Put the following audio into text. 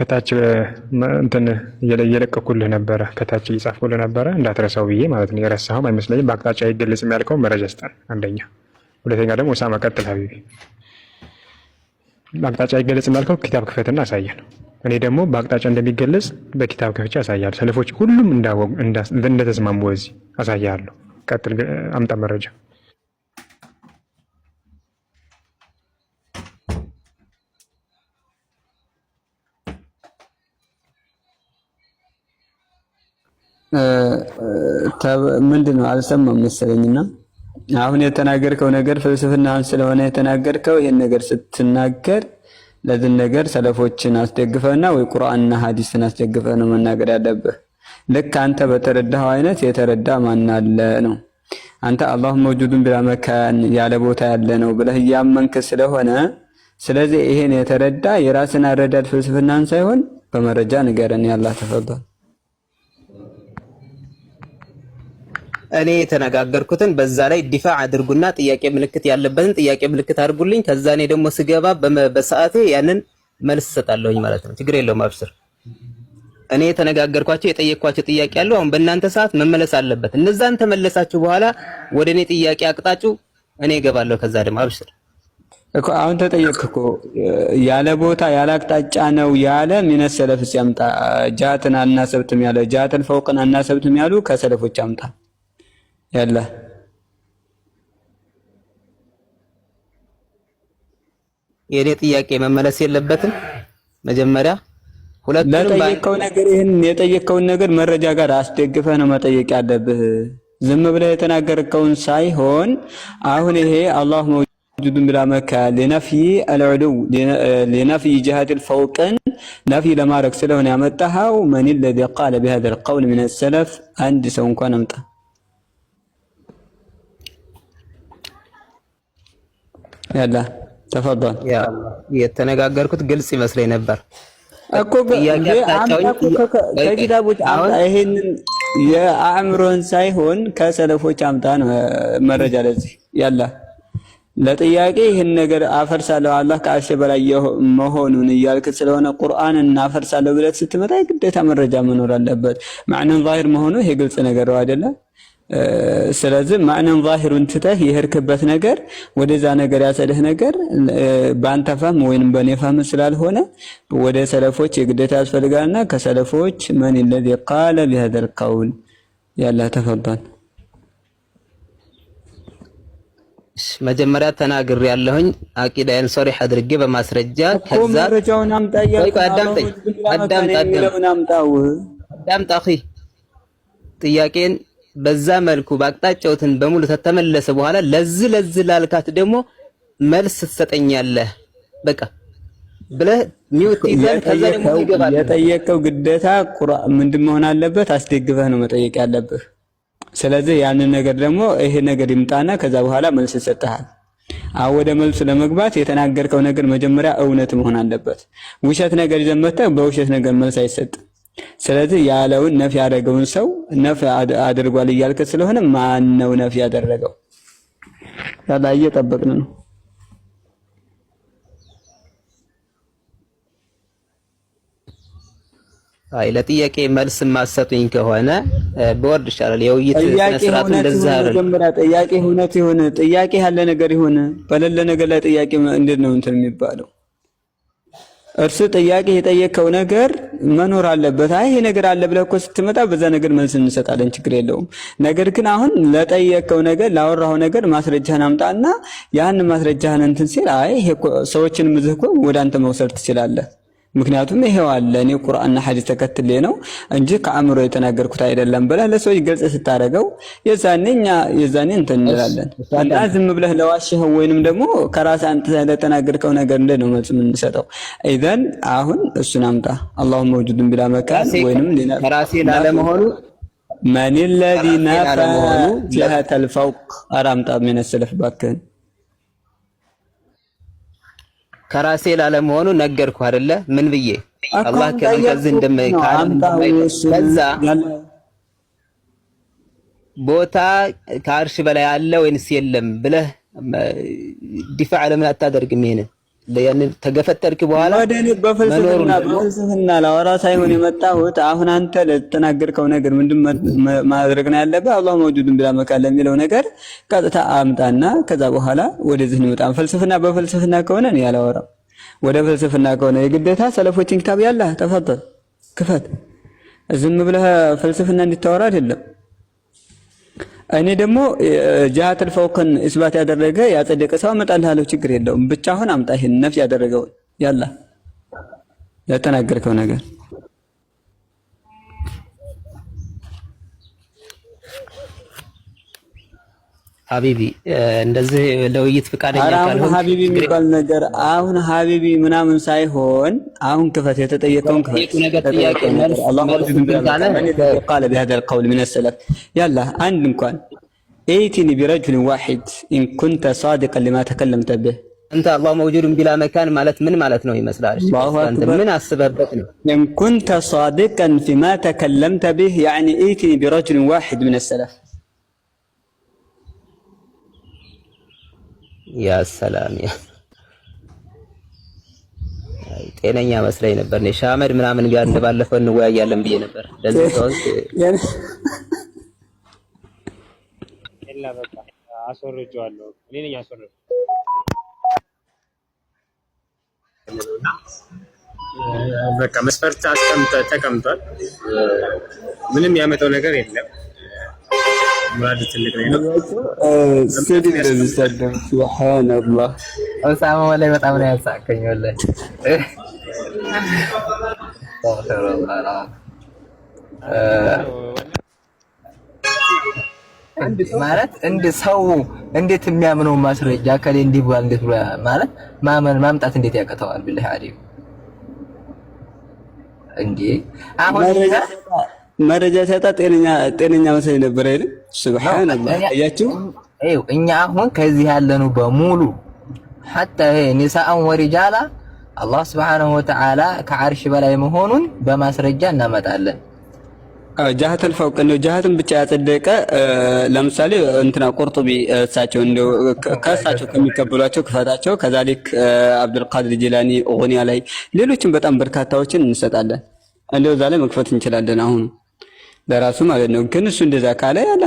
ከታች እንትን እየለቀኩልህ ነበረ ከታች እየጻፍኩልህ ነበረ እንዳትረሳው ብዬ ማለት ነው። የረሳኸውም አይመስለኝም። በአቅጣጫ አይገለጽም ያልከው መረጃ ስጠን አንደኛ። ሁለተኛ ደግሞ ሳማ መቀጥል ሀቢቢ። በአቅጣጫ አይገለጽም ያልከው ኪታብ ክፈትና አሳየን። እኔ ደግሞ በአቅጣጫ እንደሚገለጽ በኪታብ ክፍቻ አሳያለሁ። ሰለፎች ሁሉም እንደተስማሙ በዚህ አሳያለሁ። ቀጥል፣ አምጣ መረጃ ምንድን ነው አልሰማም መሰለኝና አሁን የተናገርከው ነገር ፍልስፍናህን ስለሆነ የተናገርከው ይህን ነገር ስትናገር ለዚህ ነገር ሰለፎችን አስደግፈህና ወይ ቁርአንና ሀዲስን አስደግፈ ነው መናገር ያለብህ። ልክ አንተ በተረዳኸው አይነት የተረዳ ማናለ ነው። አንተ አላሁ መውጁዱን ቢላ መካን ያለ ቦታ ያለ ነው ብለህ እያመንክ ስለሆነ ስለዚህ ይሄን የተረዳ የራስን አረዳድ ፍልስፍናን ሳይሆን በመረጃ ንገረን። ያላ ተፈዷል እኔ የተነጋገርኩትን በዛ ላይ ዲፋ አድርጉና ጥያቄ ምልክት ያለበትን ጥያቄ ምልክት አድርጉልኝ። ከዛ እኔ ደግሞ ስገባ በሰዓቴ ያንን መልስ እሰጣለሁኝ ማለት ነው። ችግር የለውም አብስር። እኔ የተነጋገርኳቸው የጠየቅኳቸው ጥያቄ ያለው አሁን በእናንተ ሰዓት መመለስ አለበት። እነዛን ተመለሳችሁ በኋላ ወደ እኔ ጥያቄ አቅጣጩ እኔ እገባለሁ። ከዛ ደግሞ አብስር እኮ አሁን ተጠየቅክ እኮ ያለ ቦታ ያለ አቅጣጫ ነው ያለ ሚነ ሰለፍስ ያምጣ። ጃትን አናሰብትም ያለ ጃትን ፈውቅን አናሰብትም ያሉ ከሰለፎች አምጣ። ያለ የኔ ጥያቄ መመለስ የለበትም። መጀመሪያ ሁለቱም ነገር ይሄን የጠየቀውን ነገር መረጃ ጋር አስደግፈ ነው መጠየቅ ያለብህ። ዝም ብለህ የተናገርከውን ሳይሆን አሁን ይሄ አላህ መውጁዱን ብላ መካ ለነፍይ አልዑሉው ለነፍይ ጅሃቱል ፈውቅን ነፍይ ለማድረግ ስለሆነ ያመጣኸው ማን الذي قال بهذا القول من አንድ ሰው እንኳን አምጣ ያላ ተፈዷል። የተነጋገርኩት ግልጽ ይመስለኝ ነበር እኮ ከኪታቦች ሳይሆን ከሰለፎች አምጣ መረጃ። ለዚህ ያላ ለጥያቄ ይህን ነገር አፈርሳለሁ አላህ ከአሸ በላይ መሆኑን እያልክ ስለሆነ ቁርአን እናፈርሳለሁ ብለት ስትመጣ ግዴታ መረጃ መኖር አለበት። ማዕነን ዛሂር መሆኑ ይሄ ግልጽ ነገር ነው ስለዚህ ማዕነን ዛሂሩን ትተህ የሄድክበት ነገር ወደዛ ነገር ያሰደህ ነገር በአንተ ፋም ወይንም በኔ ፋም ስላልሆነ ወደ ሰለፎች የግዴታ ያስፈልጋልና ከሰለፎች መን ለዚ قال بهذا القول ያላ ተፈባን መጀመሪያ ተናግር ያለሁኝ አቂዳዬን ሶሪህ አድርጌ በማስረጃ ከዛ መረጃውን አምጣ አዳምጣ አዳምጣ አዳምጣ ጥያቄን በዛ መልኩ በአቅጣጫውትን በሙሉ ተተመለሰ በኋላ ለዚህ ለዚህ ላልካት ደግሞ መልስ ትሰጠኛለህ በቃ ብለህ ሚውት ይዘን ከዛ ደግሞ ይገባል። የጠየቀው ግዴታ ቁርአን ምንድን መሆን አለበት? አስደግፈህ ነው መጠየቅ ያለብህ። ስለዚህ ያንን ነገር ደግሞ ይሄ ነገር ይምጣና ከዛ በኋላ መልስ ይሰጥሃል። አሁን ወደ መልሱ ለመግባት የተናገርከው ነገር መጀመሪያ እውነት መሆን አለበት። ውሸት ነገር ይዘህ መጥተህ በውሸት ነገር መልስ አይሰጥም። ስለዚህ ያለውን ነፍ ያደረገውን ሰው ነፍ አድርጓል እያልክ ስለሆነ ማን ነው ነፍ ያደረገው? ያላ እየጠበቅን ነው። አይ ለጥያቄ መልስ ማሰጡኝ ከሆነ ቦርድ ይሻላል። የውይይት ስነስርዓት እንደዛ ጥያቄ እውነት ይሁን ጥያቄ ያለ ነገር ይሁን በሌለ ነገር ላይ ጥያቄ እንዴት ነው እንትን የሚባለው? እርሱ ጥያቄ የጠየቀው ነገር መኖር አለበት። አይ ይሄ ነገር አለ ብለህ እኮ ስትመጣ በዛ ነገር መልስ እንሰጣለን፣ ችግር የለውም። ነገር ግን አሁን ለጠየቀው ነገር ላወራው ነገር ማስረጃህን አምጣና ያን ማስረጃህን እንትን ሲል አይ ሰዎችን ምዝህ እኮ ወደ አንተ መውሰድ ትችላለህ ምክንያቱም ይሄው አለ እኔ ቁርአንና ሐዲስ ተከትሌ ነው እንጂ ከአእምሮ የተናገርኩት አይደለም ብለህ ለሰው ይገልጽ ስታደርገው የዛኔ እኛ የዛኔ እንትን እንላለን እና ዝም ብለህ ለዋሽህ ወይንም ደግሞ ከራስህ አንተ ለተናገርከው ነገር እንደ ነው መልስ የምንሰጠው። ኢዘን አሁን እሱን አምጣ አላሁ ውጁድን ቢላ መካን ወይንም ከራሴ ላለመሆኑ መን ለዚ ነፈ ጀሀተል ፈውቅ አራምጣ ሚነስለፍ ባክህን ከራሴ ላለመሆኑ ነገርኩ አይደለ? ምን ብዬ አላህ ከመንከዝ እንደም ቦታ ከአርሽ በላይ አለ ወይንስ የለም ብለህ ዲፋዕ ለምን አታደርግም? ይሄንን ያንን ተገፈጠርክ በኋላ በፍልስፍና ላወራ ሳይሆን የመጣሁት አሁን አንተ ለተናገርከው ነገር ምንድን ማድረግ ነው ያለብህ? አላህ መውጁድን ብላ መካ ለሚለው ነገር ቀጥታ አምጣና ከዛ በኋላ ወደዚህ እንመጣ። ፍልስፍና በፍልስፍና ከሆነ እኔ አላወራም። ወደ ፍልስፍና ከሆነ የግዴታ ሰለፎችን ኪታብ ያለህ ተፈጠር ክፈት። ዝም ብለህ ፍልስፍና እንድታወራ አይደለም። እኔ ደግሞ ጃሃተል ፈውቅን እስባት ያደረገ ያጸደቀ ሰው አመጣልሃለሁ፣ ችግር የለውም ብቻ አሁን አምጣ ይህን ነፍስ ያደረገውን ያላ ለተናገርከው ነገር ሀቢቢ እንደዚህ ለውይይት ፍቃደኛ ካልሆን ሀቢቢ የሚባል ነገር አሁን ሀቢቢ ምናምን ሳይሆን አሁን ክፈት፣ የተጠየቀውን ክፈት። ነገር ጥያቄ ቃለ بهذا ያላ አንድ እንኳን ኤቲኒ ቢረጅል ዋሂድ ኢን ኩንተ ሳዲቀን لما تكلمت به አንተ አላህ መውጁድን ቢላ መካን ማለት ምን ማለት ነው ይመስላል? ምን አስበህበት ነው? ኢን ኩንተ ሳዲቀን فيما تكلمت به يعني ائتني برجل واحد من السلف ያ ሰላም ያ ጤነኛ መስለኝ ነበር። እኔ ሻመድ ምናምን ጋር እንደባለፈው እንወያያለን ብዬ ነበር። ለዚህ ሰዎች የላ በቃ አስወርጄዋለሁ። እኔ ነኝ አስወርጄ በቃ መስፈርት አስቀምጠ ተቀምጧል። ምንም ያመጣው ነገር የለም። በጣም ነው ያሳቀኝ። ማለት እንደ ሰው እንዴት የሚያምነው ማስረጃ ከሌ እንዲህ ብሏል እንዴት ብሎ ማለት ማመን ማምጣት እንዴት ያቅተዋል? ቢላህ አዲ እንዴ አሁን መረጃ ሲያጣ ጤነኛ ጤነኛ መስሎኝ ነበር አይደል? ሱብሃንአላህ። አያችሁ እኛ አሁን ከዚህ ያለኑ በሙሉ ሐታ ይሄ ኒሳአን ወሪጃላ አላህ ሱብሃነሁ ወተዓላ ከዓርሽ በላይ መሆኑን በማስረጃ እናመጣለን። ጃሃተል ፈውቅ እንደው ጃሃትን ብቻ ያጸደቀ ለምሳሌ እንትና ቁርጡቢ እሳቸው እንደው ከእሳቸው ከሚቀበሏቸው ክፈታቸው ከዛሊክ አብዱልቃድር ጅላኒ ኦኒያ ላይ ሌሎችን በጣም በርካታዎችን እንሰጣለን። እንደው እዛ ላይ መክፈት እንችላለን አሁኑ። ለራሱ ማለት ነው። ግን እሱ እንደዛ ካለ ያለ